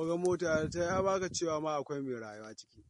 Ka ga mota ta ya baka cewa ma akwai mai rayuwa ciki.